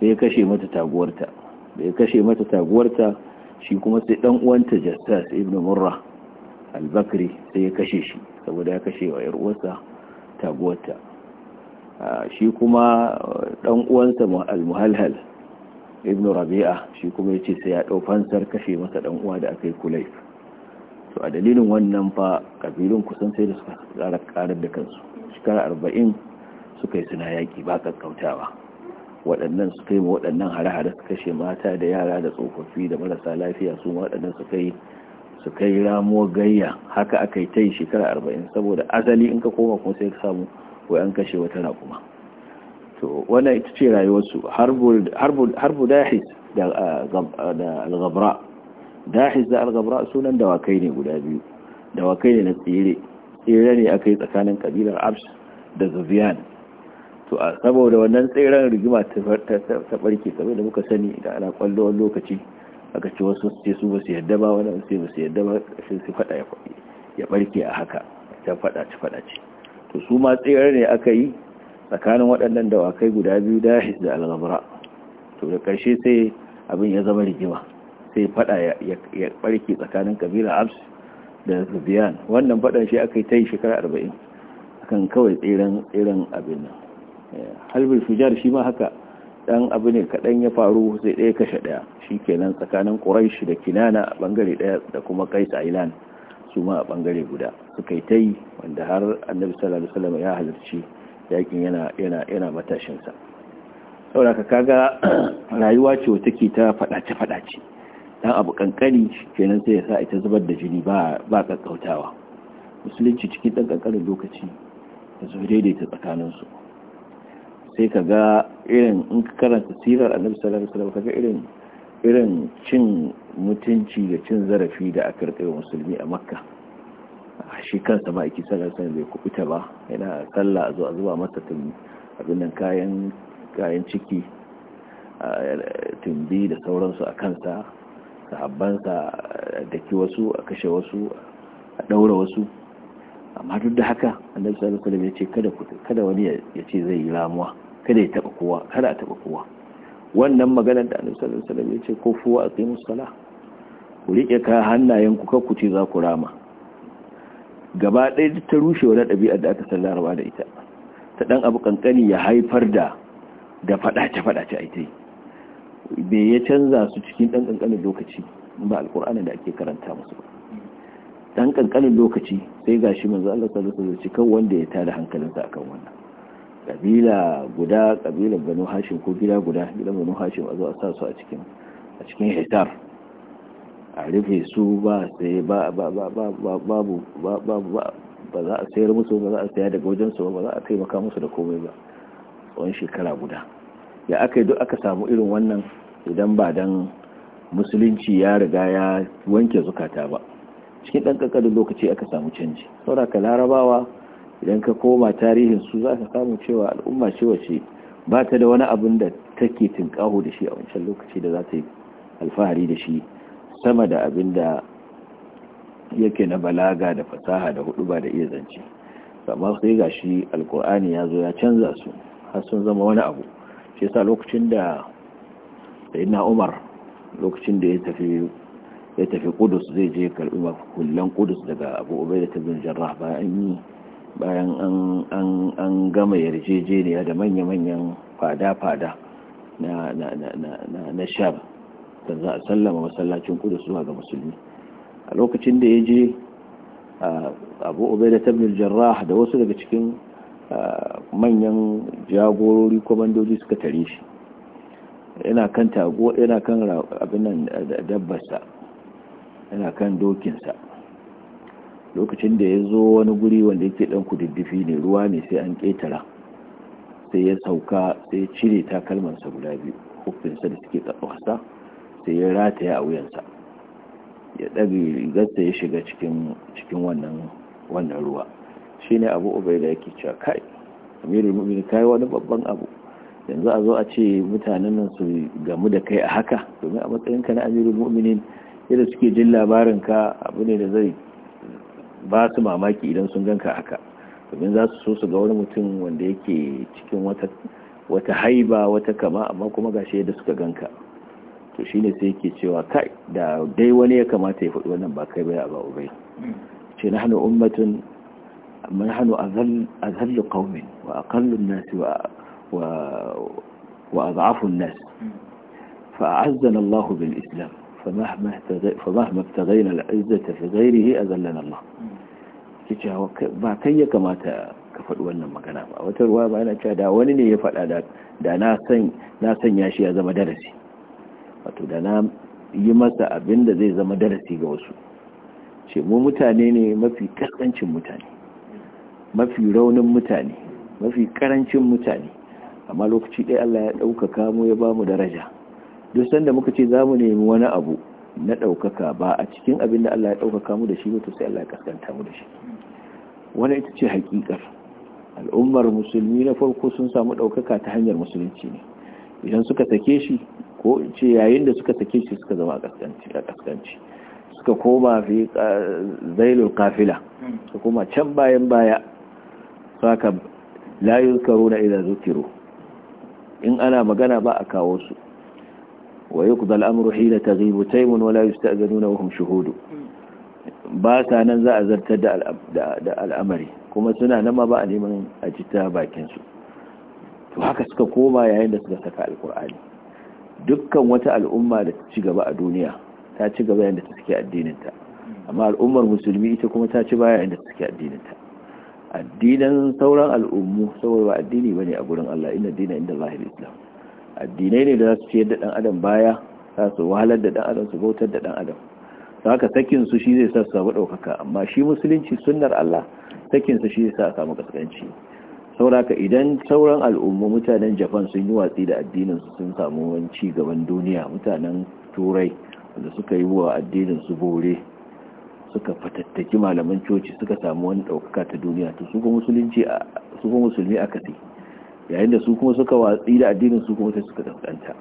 sai ya kashe mata taguwarta da ya kashe mata taguwarta shi kuma sai dan uwanta jassas ibn murra al-bakri sai ya kashe shi saboda ya kashe wa yar uwarsa taguwarta shi kuma dan uh, uwansa al-muhalhal ibn rabi'a shi kuma yace sai ya dau fansar kashe masa dan uwa da akai kulayf to a dalilin wannan fa kabilun kusan sai da suka tsara karar da kansu shekara 40 suka yi suna yaki ba kakkautawa waɗannan su kai waɗannan hare-hare su kashe mata da yara da tsofaffi da marasa lafiya su waɗannan su kai su kai ramo gayya haka aka yi ta yi shekara arba'in saboda asali in ka koma kuma sai ka samu wai an kashe wata kuma to wannan ita ce rayuwarsu harbu dahis da al dahis da al sunan dawakai ne guda biyu dawakai ne na tsere tsere ne aka yi tsakanin kabilar abs da zubiyan to a saboda wannan tseren rigima ta barke saboda da muka sani da ana kwallo wani lokaci aka ce wasu sai su ba su yadda ba wani sai ba su yadda ba sai su fada ya barke a haka ta fada ci fada ci to su ma tseren ne aka yi tsakanin waɗannan dawakai guda biyu da his da al'amura to da ƙarshe sai abin ya zama rigima sai fada ya barke tsakanin kabila abs da zubiyan wannan fadan shi aka yi ta yi shekara arba'in akan kawai tseren abin nan halbin fujar shi ma haka dan abu ne kaɗan ya faru sai ɗaya kashe ɗaya shi kenan tsakanin ƙuraishi da kinana a ɓangare ɗaya da kuma kaisa ilan su ma a ɓangare guda su kai ta yi wanda har annabi sallallahu alaihi ya halarci yakin yana yana yana matashinsa saboda ka kaga rayuwa ce wata ke ta faɗace faɗace dan abu kankani kenan sai ya sa ita zubar da jini ba ba kakkautawa musulunci cikin ɗan kankanin lokaci da zo daidaita tsakaninsu sai ka ga irin in ka karanta sirar annabi sallallahu alaihi wasallam ka ga irin cin mutunci da cin zarafi da aka rike musulmi a makka ah, shi kansa ma iki sallallahu alaihi wasallam bai kubuta ba yana sallah a zo a zuba masa abin nan kayan kayan ciki tumbi da sauransu a kansa sahabbansa da daki wasu a kashe wasu a ɗaura wasu amma duk da haka annabi sallallahu alaihi wasallam ya ce kada kada wani ya ce zai yi ramuwa kada ya taba kowa kada taba kowa wannan maganar da annabi sallallahu alaihi wasallam ya ce ko fuwa aqimus sala ku rike ka hannayen ku kakku ce za ku rama gaba ɗaya duk ta rushe wannan ɗabi'ar da aka sallarwa da ita ta ɗan abu kankani ya haifar da da faɗace faɗace a yi bai ya canza su cikin ɗan ƙanƙanin lokaci ba alƙur'anin da ake karanta musu ba ɗan ƙanƙanin lokaci sai gashi shi manzo Allah sallallahu alaihi wasallam kan wanda ya tada hankalinsa akan wannan kabila guda kabilar banu hashim ko gida guda gidan banu hashim a zo a sa su a cikin a cikin hitar a rufe su ba sai ba ba ba ba ba babu ba ba ba ba za a sayar musu ba za a saya daga wajen su ba za a taimaka musu da komai ba tsawon shekara guda ya aka yi duk aka samu irin wannan idan ba dan musulunci ya riga ya wanke zukata ba cikin ɗan ƙanƙanin lokaci aka samu canji sauraka larabawa idan ka koma tarihin su za ka samu cewa al'umma ce wace ba ta da wani abin da take tinkaho da shi a wancan lokaci da za ta yi alfahari da shi sama da abin da yake na balaga da fasaha da hudu ba da iya zance amma sai ga shi alkur'ani ya zo ya canza su har sun zama wani abu shi sa lokacin da sayyidina umar lokacin da ya tafi ya kudus zai je karbi kullum kudus daga abu ta bin jarrah bayan yi bayan an gama yarjejeniya da manya-manyan fada-fada na sham da za a sallama masallacin kudu zuwa ga musulmi a lokacin da ya je abu obai da tabbin jarrah da wasu daga cikin manyan jagorori kwamandoji suka tare shi yana kan tago yana kan abinan dabbarsa yana kan dokinsa lokacin da ya zo wani guri wanda yake dan kududdufi ne ruwa ne sai an ketara sai ya sauka sai ya cire takalmansa guda biyu hukunsa da suke ƙasa sai ya rataya a wuyansa ya ɗabi rigarsa ya shiga cikin wannan ruwa shi ne abu obai da yake cewa kai amirul mu'min kai wani babban abu yanzu a zo a ce mutanen nan su gamu da kai a haka domin a matsayinka na amirul mu'minin yadda suke jin labarin ka abu ne da zai ba su mamaki idan sun ganka haka domin za su so su ga wani mutum wanda yake cikin wata wata haiba wata kama amma kuma gashi yadda suka ganka to shine sai yake cewa kai da dai wani ya kamata ya faɗi wannan ba kai bai a ba ubai ce na hannu ummatin man hannu a zallu ƙaumin wa a kallon nasi wa a za'afun nasi hmm. fa'azzan allahu bil islam فمهما, فمهما ابتغينا العزة في غيره أذلنا الله hawa ba kai ya kamata ka faɗi wannan magana ba wata ruwa ba yana cewa da wani ne ya faɗa da na sanya shi ya zama darasi wato da na yi masa abin da zai zama darasi ga wasu ce mu mutane ne mafi kaskancin mutane mafi raunin mutane mafi karancin mutane amma lokaci ɗaya Allah ya ɗaukaka mu ya ba mu daraja duk sanda muka ce za mu nemi wani abu na ɗaukaka ba a cikin abin da Allah ya ɗaukaka mu da shi ba to sai Allah ya kaskanta mu da shi wani ita ce haƙiƙar al'ummar musulmi na farko sun samu ɗaukaka ta hanyar musulunci ne idan suka sake shi ko in ce yayin da suka sake shi suka zama a kaskanci suka koma fi zailul kafila suka koma can bayan baya saka la yuzkaruna idza zukiru in ana magana ba a kawo su ويقضى الأمر حين تغيب تيم ولا nuna mu شهود باسا نن za a zartar da da al'amari kuma suna nama ma ba neman a jita bakin su to haka suka koma yayin da suka saka alqur'ani dukkan wata al'umma da ta ci gaba a duniya ta ci gaba yayin ta saki addinin amma al'ummar musulmi ita kuma ta ci baya yayin da ta saki addinin addinan sauran al'ummu saboda addini bane a gurin Allah ina dina inda Allahu al-Islam addinai ne da za su ciyar da dan adam baya za su wahalar da dan adam su bautar da dan adam don haka sakin su shi zai sa su samu ɗaukaka amma shi musulunci sunnar Allah sakin su shi zai sa a samu kaskanci sauraka idan sauran al'ummu mutanen japan sun yi watsi da addinin su sun samu wani ci gaban duniya mutanen turai wanda suka yi wa addinin su bore suka fatattaki malaman coci suka samu wani ɗaukaka ta duniya to su musulunci su musulmi aka yayin da su kuma suka watsi da addinin su kuma suka daskanta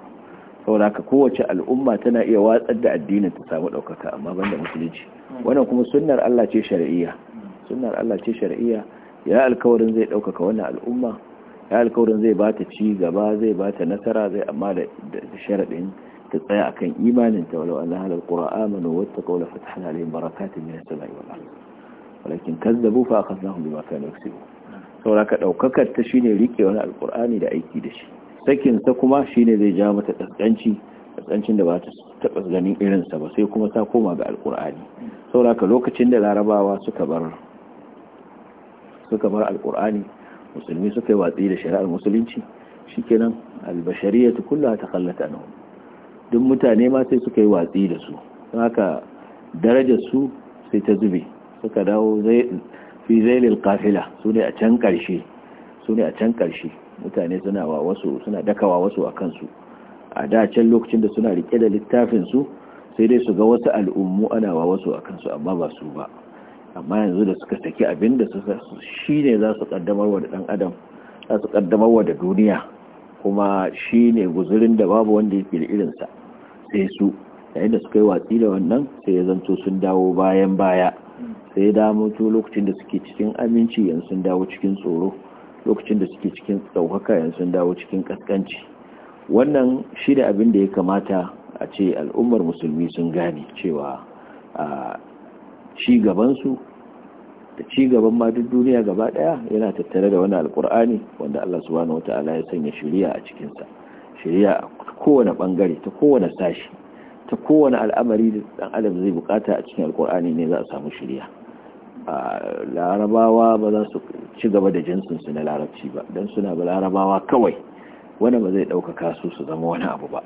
saboda haka kowace al'umma tana iya watsar da addinin ta samu ɗaukaka amma banda musulunci wannan kuma sunnar Allah ce shari'iyya sunnar Allah ce shar'iyya ya alkawarin zai ɗaukaka wannan al'umma ya alkawarin zai ba ta ci gaba zai ba ta nasara zai amma da sharaɗin ta tsaya akan imanin ta walau Allah halal qura amanu wattaqu la fatahna alaihim barakatin min as-sama'i wal ardi walakin kazzabu fa akhadnahum bima kanu yaksibun sauraka daukakar ta shine rike wani alkur'ani da aiki da shi sakin ta kuma shine zai ja mata kaskanci kaskancin da ba ta taba ganin irin sa ba sai kuma ta koma ga alkur'ani sauraka lokacin da larabawa suka bar suka bar alkur'ani musulmi suka yi watsi da shari'ar musulunci shikenan albashariyatu kullaha kallata anhum duk mutane ma sai suka yi watsi da su haka darajar su sai ta zube suka dawo zai fi zailil kafila su ne a can ƙarshe su ne a can ƙarshe mutane suna wa wasu suna dakawa wasu a kansu a da can lokacin da suna rike da littafin su sai dai su ga wasu al'ummu ana wa wasu a kansu amma ba su ba amma yanzu da suka saki abin da shi ne za su kaddamar wa da ɗan adam za su kaddamar wa da duniya kuma shi ne guzurin da babu wanda yake da irinsa sai su yayin da suka yi watsi da wannan sai ya zanto sun dawo bayan baya sai da mutu lokacin da suke cikin aminci yanzu sun dawo cikin tsoro lokacin da suke cikin tsaukaka yanzu sun dawo cikin kaskanci wannan shi da abin da ya kamata a ce al'ummar musulmi sun gane cewa a ci da cigaban ma duk duniya gaba daya yana tattare da wani alkur'ani wanda Allah subhanahu wataala ya sanya shari'a a cikinsa shari'a kowane bangare ta kowane sashi ta kowane al'amari da ɗan adam zai bukata a cikin alkur'ani ne za a samu shirya larabawa ba za su ci gaba da jinsinsu na larabci ba don suna ba larabawa kawai wani ba zai ɗaukaka su su zama wani abu ba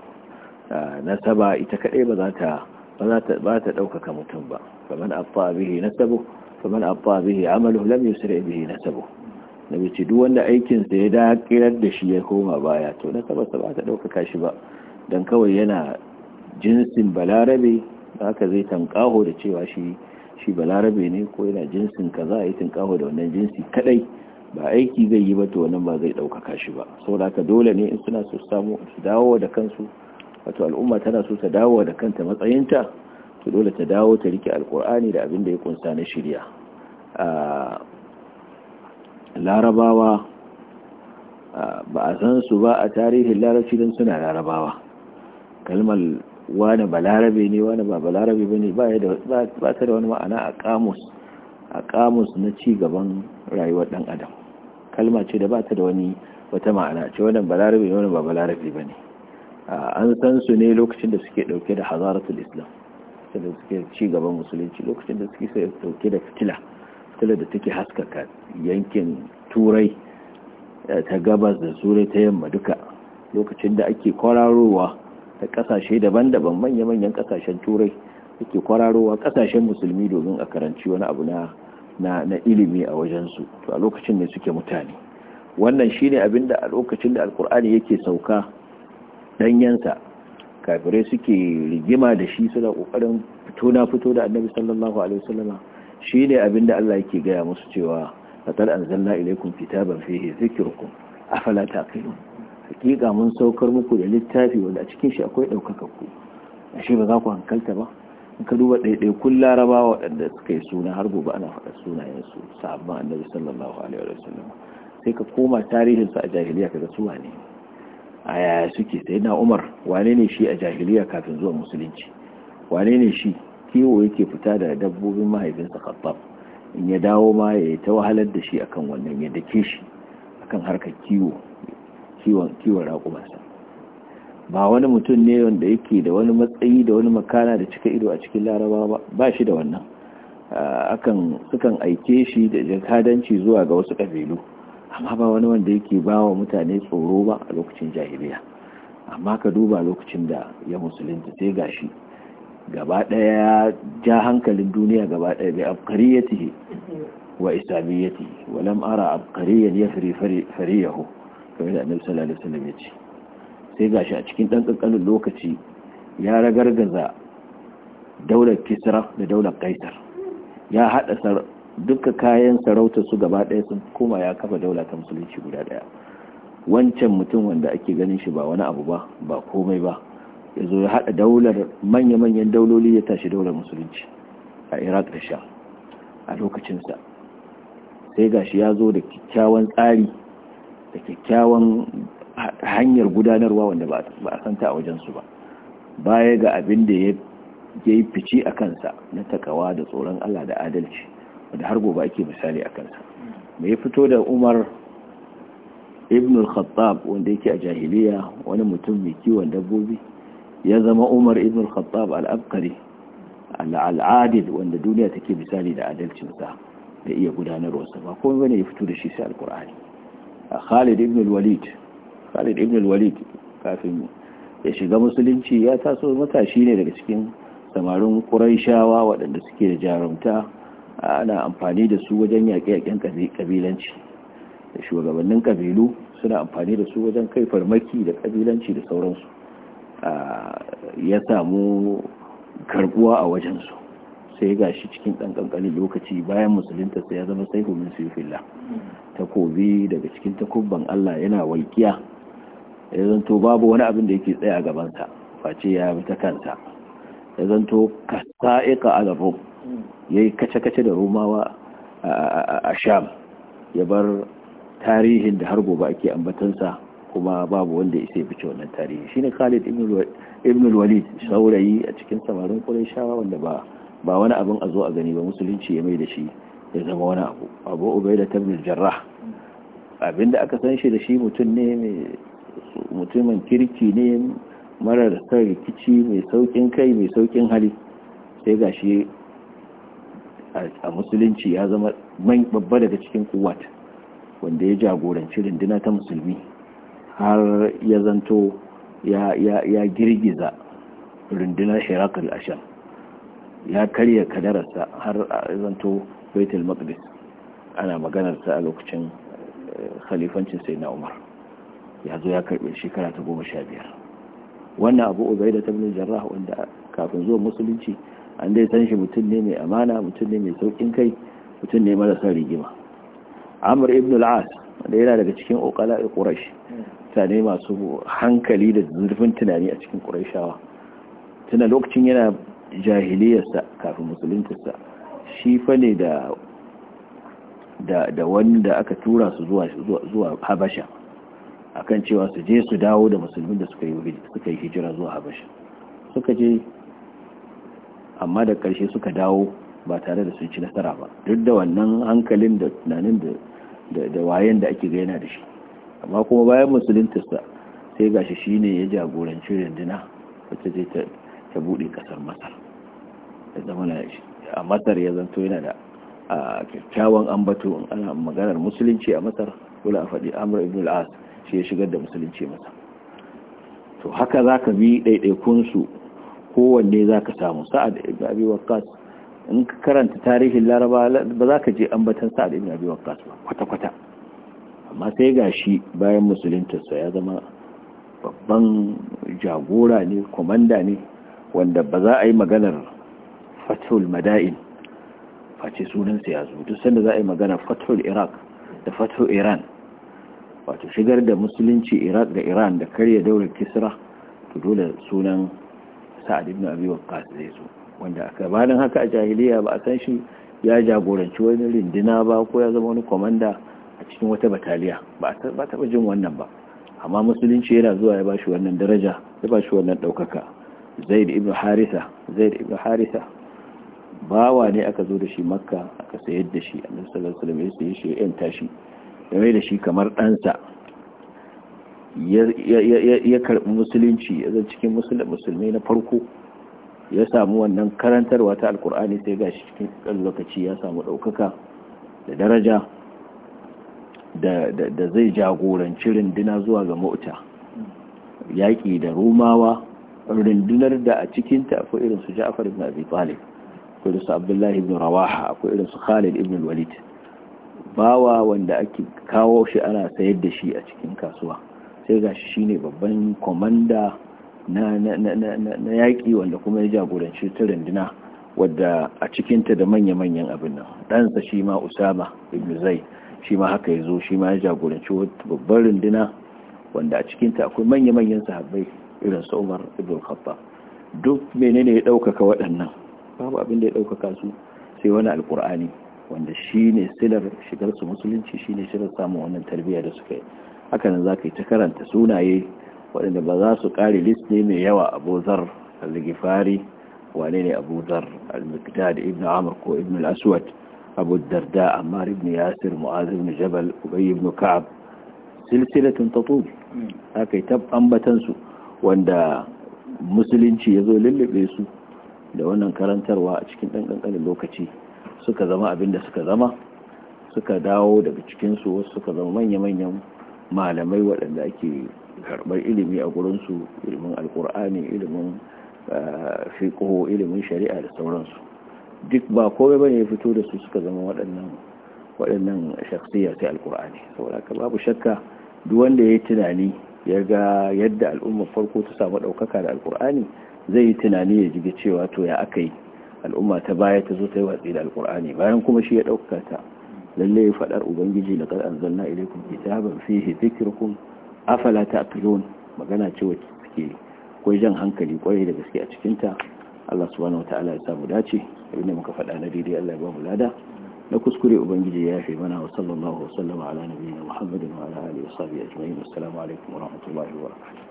nasaba ita kaɗai ba za ta ba ta ɗaukaka mutum ba faman abba bihi nasabu faman abba bihi amalu lam yusri bihi nasabu na ce duk wanda aikin sa ya dakirar da shi ya koma baya to nasaba ba ta ɗaukaka shi ba dan kawai yana jinsin balarabe da aka zai tankaho da cewa shi shi balarabe ne ko yana jinsin kaza a yi tankaho da wannan jinsi kadai ba aiki zai yi ba wannan ba zai ɗaukaka shi ba saboda haka dole ne in suna so samu su dawo da kansu wato al'umma tana so ta dawo da kanta matsayinta to dole ta dawo ta rike alkur'ani da abin da ya kunsa na shirya larabawa ba a san su ba a tarihin larabci don suna larabawa kalmar wani balarabe ne wani ba balarabe ba ne ba ta da wani ma'ana a kamus a kamus na ci gaban rayuwar dan adam kalma ce da ba ta da wani wata ma'ana ce wannan balarabe ne wani ba balarabe ba ne an san su ne lokacin da suke dauke da hazaratul islam da suke ci gaban musulunci lokacin da suke dauke da fitila fitila da take haskaka yankin turai eh, ta gabas da surai ta yamma duka lokacin da ake kwararowa da kasashe daban-daban manya-manyan kasashen turai da ke kwararowa kasashen musulmi domin a karanci wani abu na ilimi a wajensu to a lokacin ne suke mutane wannan shine abin da a lokacin da alkur'ani yake sauka danyensa kafirai suke rigima da shi suna kokarin fito na fito da annabi sallallahu alaihi wasallama shine abin da Allah yake gaya musu cewa laqad anzalna ilaykum fiye zikirku a falata kai hakika mun saukar muku da littafi wanda a cikin shi akwai ɗaukakakku shi ba za ku hankalta ba in ka duba kun larabawa waɗanda suka yi suna har gobe ana faɗa sunayensu sahabban annabi sallallahu alaihi wa sallam sai ka koma tarihinsu a jahiliya kaga su wane a yaya suke sai na umar wane ne shi a jahiliya kafin zuwa musulunci wane ne shi kiwo yake fita da dabbobin mahaifinsa khattab in ya dawo ma ya ta wahalar da shi akan wannan ya dake shi akan harkar kiwo kiwon kiwon ba wani mutum ne wanda yake da wani matsayi da wani makana da cika ido a cikin laraba ba shi da wannan ah, akan sukan aike shi da jakadanci zuwa ga wasu ƙabilu amma ba wani wanda yake ba wa mutane tsoro ba a lokacin jahiliya amma ka duba lokacin da ya musulunta sai gashi gaba ɗaya ja hankalin duniya gaba ɗaya bai abkariyatihi wa islamiyyatihi walam ara abkariyan ya fari fariyahu kamar da annabi sallallahu alaihi wasallam ya ce sai gashi a cikin dan kankanin lokaci ya ragargaza daular kisra da daular kaisar ya hada duka kayan sarauta su gaba ɗaya sun koma ya kafa daula ta musulunci guda ɗaya wancan mutum wanda ake ganin shi ba wani abu ba ba komai ba ya zo ya haɗa daular manya-manyan dauloli ya tashi daular musulunci a iraq da sha a lokacinsa sai gashi ya zo da kyakkyawan tsari da kyakkyawan hanyar gudanarwa wanda ba a santa a wajensu ba baya ga abin da ya yi fici a kansa na takawa da tsoron Allah da adalci wanda har gobe ake misali a kansa ya fito da umar ibn al-khattab wanda yake a jahiliya wani mutum mai kiwon dabbobi ya zama umar ibn al-khattab al-abkari al-adil wanda duniya take misali da adalcinsa da iya gudanarwarsa ba komai bane ya fito da shi sai al-qur'ani Khalid ibn al-Walid Khalid ibn al-Walid kafin ya shiga musulunci ya taso matashi ne daga cikin samarin Qurayshawa waɗanda suke da jarumta ana amfani da su wajen yaƙe-yaƙen kabilanci da shugabannin kabilu suna amfani da su wajen kai farmaki da kabilanci da sauransu ah, ya samu karbuwa a wajensu sai ga shi cikin ɗan ƙanƙanin lokaci bayan musulunta sai ya zama sai min suyufillah takobi daga cikin takubban Allah yana walƙiya ya zanto babu wani abin da yake tsaye a gabansa face ya bi ta kansa ya zanto a ala ya yayi kace-kace da romawa a sham ya bar tarihin da har gobe ake ambatansa kuma babu wanda ya fice wannan tarihi shine Khalid ibn walid saurayi a cikin samarin Qurayshawa wanda ba ba wani abin a zo a gani ba musulunci ya mai da shi ya zama wani abu abu ubai da tabbir jarrah abinda aka san shi da shi mutum ne mutumin kirki ne marar kan rikici mai saukin kai mai saukin hali sai ga shi a musulunci ya zama babba daga cikin kuwat wanda ya jagoranci runduna ta musulmi har ya zanto ya girgiza rundunar shirakar asham ya karya kadararsa har a zanto baitul maqdis ana maganar maganarsa a lokacin eh, khalifancin sayyidina umar ya zo ya karbe shekara ta goma sha biyar wannan abu ubaida ta bin jarrah wanda kafin zuwa musulunci an dai san shi mutum ne mai amana mutum ne mai saukin kai mutum ne mara son rigima amr ibn al-as wanda yana daga cikin uqala quraish mutane masu hankali da zurfin tunani a cikin quraishawa tuna lokacin yana jahiliyarsa kafin musuluntarsa shi fa ne da da wanda aka tura su zuwa habasha akan cewa su je su dawo da musulmin da suka yi hijira zuwa habasha suka je amma da karshe suka dawo ba tare da sun ci nasara ba duk da wannan hankalin da tunanin da wayan da ake gaina da shi amma kuma bayan musuluntarsa sai gashi shi ne ya jagoranci rundunar wacce zai ta buɗe ƙasar masar a masar ya zanto yana da kyakkyawan ambato ana maganar musulunci a masar kula a faɗi amur ibn al'as shi ya shigar da musulunci masa to haka za ka bi ɗaiɗaikunsu kowanne za ka samu sa'ad ibn abi waqqas in ka karanta tarihin laraba ba za ka je ambatan sa'ad ibn abi waqqas ba kwata-kwata amma sai ga shi bayan musuluntarsa ya zama babban jagora ne kwamanda ne wanda ba za a yi maganar fathul mada'in face sunansa ya zo duk sanda za a yi magana fathul iraq da fathul iran wato shigar da musulunci iraq da iran da karya daura kisra to dole sunan sa'ad ibn abi waqqas zai zo wanda aka bayan haka a jahiliya ba a san shi ya jagoranci wani rindina ba ko ya zama wani komanda a cikin wata bataliya ba a taba jin wannan ba amma musulunci yana zuwa ya ba shi wannan daraja ya bashi wannan daukaka zaid ibn haritha zaid ibn haritha bawa ne aka zo da shi makka aka sayar da shi a nasarar salama ya sayi shi ya yanta shi ya mai da shi kamar ɗansa ya karɓi musulunci ya zai cikin musulmi na farko ya samu wannan karantarwa ta alkur'ani sai ga shi cikin ɗan lokaci ya samu ɗaukaka da daraja da zai jagoranci rinduna zuwa ga mauta yaƙi da rumawa rundunar da a cikinta akwai irin su ja'afar na abi talib akwai irinsu abdullahi ibn rawaha akwai irinsu khalid ibn walid bawa wanda ake kawo shi ana sayar da shi a cikin kasuwa sai ga shi shine babban komanda na yaƙi wanda kuma ya jagoranci ta runduna wadda a cikinta da manya-manyan abin nan ɗansa shi ma usama ibn zai shi ma haka ya zo shi ma ya jagoranci wata babbar runduna wanda a cikinta akwai manya-manyan sahabbai irin su umar ibn khattab duk menene ya ɗaukaka waɗannan babu abin da ya ɗaukaka su sai wani alkur'ani wanda shi ne silar shigar su musulunci shi ne shirar samun wannan tarbiyya da suka yi hakanan za ka yi ta karanta sunaye waɗanda ba za su kare list ne mai yawa abuzar al-gifari wane ne abuzar al-mikdad ibn amr ko ibn al-aswad abu darda ammar ibn yasir mu'az ibn jabal ubay ibn ka'ab silsilatun tatub haka hmm. yi ta ambatan su wanda musulunci ya zo lullube su da wannan karantarwa a cikin ɗan ƙanƙanin lokaci suka zama abin da suka zama suka dawo daga cikinsu wasu suka zama manya-manyan malamai waɗanda ake karɓar ilimi a gurinsu ilimin alkur'ani ilimin eh, fiƙo ilimin shari'a da sauransu duk ba komai bane ya fito da su suka zama waɗannan waɗannan shakhsiyya sai alkur'ani saboda ka babu shakka duk wanda ya yi tunani ya ga yadda al'ummar farko ta samu ɗaukaka da alkur'ani zai yi tunani ya jige cewa to ya aka yi al'umma ta baya ta zo ta yi watsi da alkur'ani bayan kuma shi ya ɗauka ta lalle ya faɗar ubangiji da ƙar anzalna ilaikum kitaban fihi zikirkum afala ta'qilun magana cewa suke kwai akwai jan hankali kwarai da gaske a cikin ta Allah subhanahu wataala ya samu dace abinda muka faɗa na daidai Allah ya ba mu lada na kuskure ubangiji ya yafe mana wa sallallahu wa sallama ala na muhammadin wa ala alihi wa sahbihi ajma'in assalamu alaikum wa rahmatullahi wa barakatuh